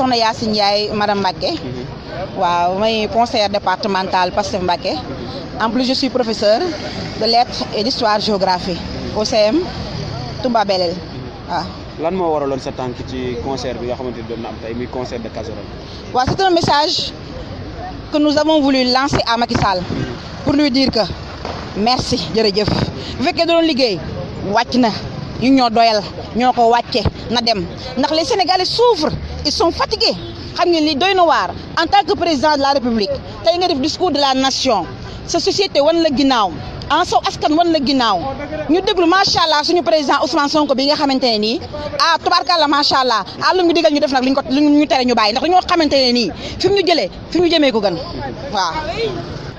man soxna Yacine Ndiaye madame Mbacké. Mhm. waaw may conseillère départementale Pastef Mbacké. en plus je suis professeur de lettres et d'histoire géographie au CM mhm. waaw. lan moo waraloon sa tànk ci concert bi nga xamante ni doon na am tey muy concert de casserole. waaw c'est un message que nous avons voulu lancer à Macky pour lui dire que merci jërëjëf bu fekkee doon liggéey wàcc na. ñu ñoo doyal ñoo ko wàcce na dem ndax les sénégalais souffrent ils sont fatigués xam ngeen li doy na waar en tant que président de la république te nga def discours de la nation sa société wan la ginnaaw en saw askan wan la ginnaaw ñu déglu macha allah suñu président Ousmane Sonko bi nga xamante ne nii ah tubaarkàlla macha allah ah lu mu digal ñu def nag luñ ko ñu tere ñu bàyyi ndax dañoo xamante ne nii fi mu ñu jëlee fi mu ñu jëmee ko gën waaw.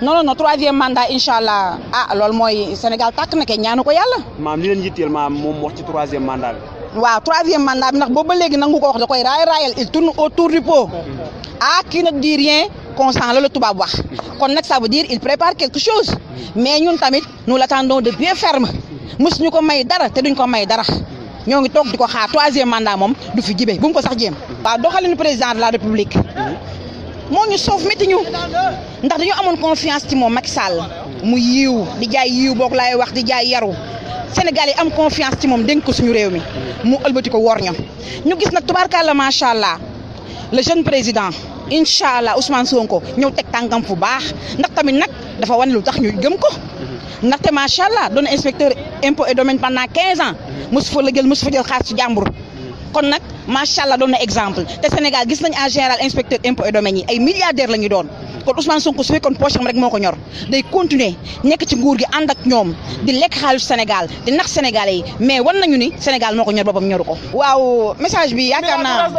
non non non troisième mandat incha allah ah loolu mooy Sénégal tàkk na ke ko yàlla. maam li leen yitteel maam moom wax ci troisième mandat bi. waaw troisième mandat bi ndax boobu ba léegi nangu ko wax da koy raay raayal il tourne autour du pot. Mm-hmm. ah kii nag dit rien constant la la tubaab wax. Mm-hmm. kon nag ça veut dire il prépare quelque chose. Mm-hmm. mais ñun tamit nous l'attendons de bien ferme. mus ñu ko may dara te duñ ko may dara. ñoo ngi toog di ko xaar troisième mandat moom du fi jibe bu mu ko sax jéem. waaw doxalinu président la république. moo ñu soof métti ñu ndax dañu amoon confiance ci moom Macky Sall mu yiiw di jaay yiiw boog laay wax di jaay yaru Sénégal yi am confiance ci moom dénk ko suñu réew mi mu ëlbati ko wor ña ñu gis nag tubaarkàlla macha allah le jeune président incha allah Ousmane ko ñëw teg tànkam fu baax ndax tamit nag dafa wane lu tax ñu gëm ko ndaxte macha allah doon inspecteur impo et domaine pendant 15 ans mosu fa la jël mosu fa jël xaalis ci jàmbur kon nag. macha allah doon na exemple te Sénégal gis nañ en général inspecteur impôt et domaine yi ay milliardaires la ñu doon kon Ousmane Sonko su fekkoon poche am rek moo ko ñor day continuer nekk ci nguur gi ànd ak ñoom di lekk xaalis Sénégal di nax sénégal yi mais war nañu ni Sénégal moo ko ñor boppam ñoru ko. waaw message bi yaakaar na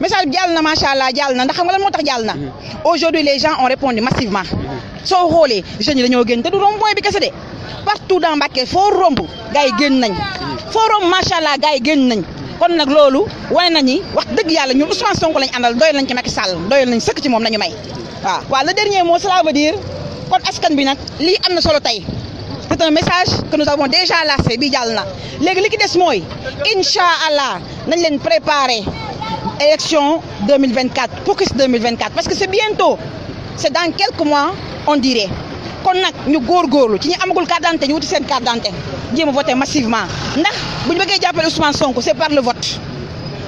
message bi jàll na macha allah jàll na ndax xam nga lan moo tax jàll na mm-hmm. aujourd'hui les gens ont répondu massivement mm-hmm. soo xoolee jeunes yi dañoo génn te du rond-point bi kese de nañ foo romb macha allah yi génn nañ. Mm-hmm. kon nag loolu wane nañu wax dëgg yàlla ñun Ousmane Sonko lañ àndal doyal nañ ci Macky Sall doyal nañ sëkk ci moom nañu may waaw. waaw le dernier mot cela dire kon askan bi nag lii am na solo tey c'est un message que nous avons déjà lancé bi jàll na léegi li ki des mooy incha allah nañ leen préparer élection 2024 POCUS 2024 parce que c'est bientôt c'est dans quelques mois on dirait. kon nag ñu góor góorgóorlu ci ñi amagul carte d'identité ñu wuti seen carte d'identité jéem a voté massivement ndax bu ñu bëggee jàppale Ousmane Sonko c'est par le vote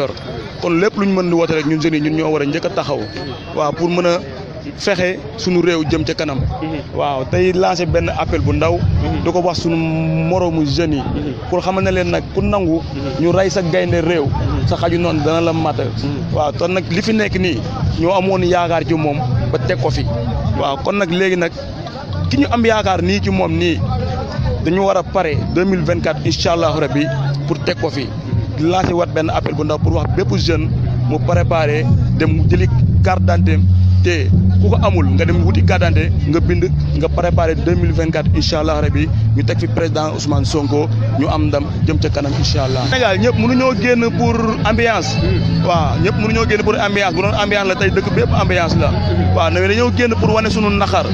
yor kon lépp lu ñu mën di woote rek ñun jeunes ñun ñoo war a njëkk a taxaw waaw pour mën a fexe suñu réew jëm ca kanam mhm. waaw tey lancé benn appel bu ndaw mhm. di ko wax suñu moroomu jeunes yi mhm. pour xamal na leen nag ku nangu ñu rey sa gaynde réew sa xaju noonu dana la mata waaw te nag li fi nekk nii ñoo amoon yaakaar ci moom ba teg ko fi waaw kon nag léegi nag ki ñu am yaakaar nii ci moom nii dañu war a pare 2024 incha allahu rabbi pour teg ko fi lancé wat benn appel bu ndaw pour wax bépp jeune mu préparé dem jëli carte d'identité te ku ko amul nga dem wuti carte nga bind nga préparé 2024 incha allah rabi ñu teg fi président Ousmane Sonko ñu am ndam jëm ca kanam incha allah. Sénégal ñëpp mënuñoo génn pour ambiance. waaw ñëpp mënuñoo génn pour ambiance bu doon ambiance la tey dëkk bépp ambiance la. waaw nawet dañoo génn pour wane sunu naqar.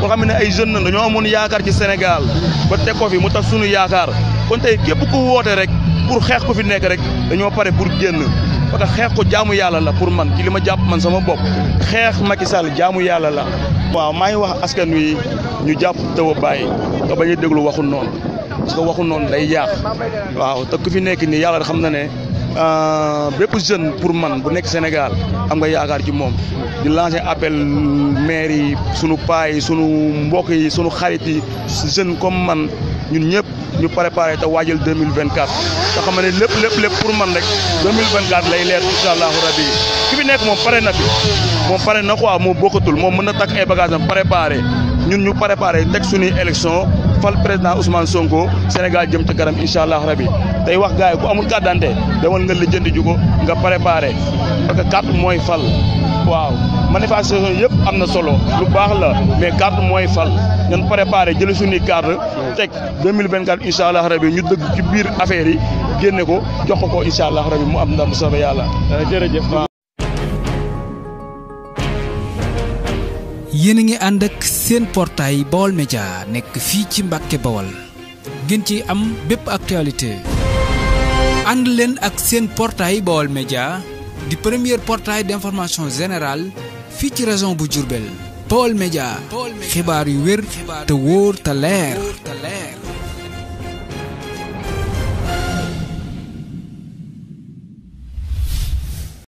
boo xam ne ay jeunes dañoo amoon yaakaar ci Sénégal ba te ko fi mu tax sunu yaakaar. kon tey képp ku woote rek pour xeex ku fi nekk rek dañoo pare pour génn parce que xeex ko jaamu yàlla la pour man ci li ma jàpp man sama bopp xeex Macky Sall jaamu yàlla la. waaw maa ngi wax askan wi ñu jàpp taw a bàyyi te bañ a déglu waxu noonu parce que noonu day yàq waaw te ku fi nekk nii yàlla xam na ne. Euh, bépp jeune pour man bu nekk Sénégal am nga yaakaar ci moom di lancer appel maire yi sunu paa yi sunu mbokk yi sunu xarit yi jeune comme man ñun ñëpp ñu préparé te waajal 2024 te xam ne lépp lépp lépp pour man rek 2024 lay leer incha allahu rabi ki fi nekk moom pare na fi moom pare na quoi moo bokkatul moom mën na takk ay bagages am préparé ñun ñu préparé teg suñuy élection fal président Ousmane Sonko Sénégal jëm ci kanam incha allah rabi tey wax gars yi ku amul carte d'identité demal nga lijjanti ju ko nga préparé parce que carte mooy fal waaw manifestation yëpp am na solo lu baax la mais carte mooy fal ñun préparé jëli suñuy carte teg 2024 incha allah rabi ñu dëgg ci biir affaire yi génne ko jox ko incha allah rabi mu am ndam soobee yàlla. Euh, yéen a ngi ànd ak seen portail Baol Média nekk fii ci Mbàkke Bawol ngeen ci am bépp actualité ànd leen ak seen portaay Baol Média di premier portail d'information général fii ci région bu Diourbel Baol Média xibaar yu wér te wóor te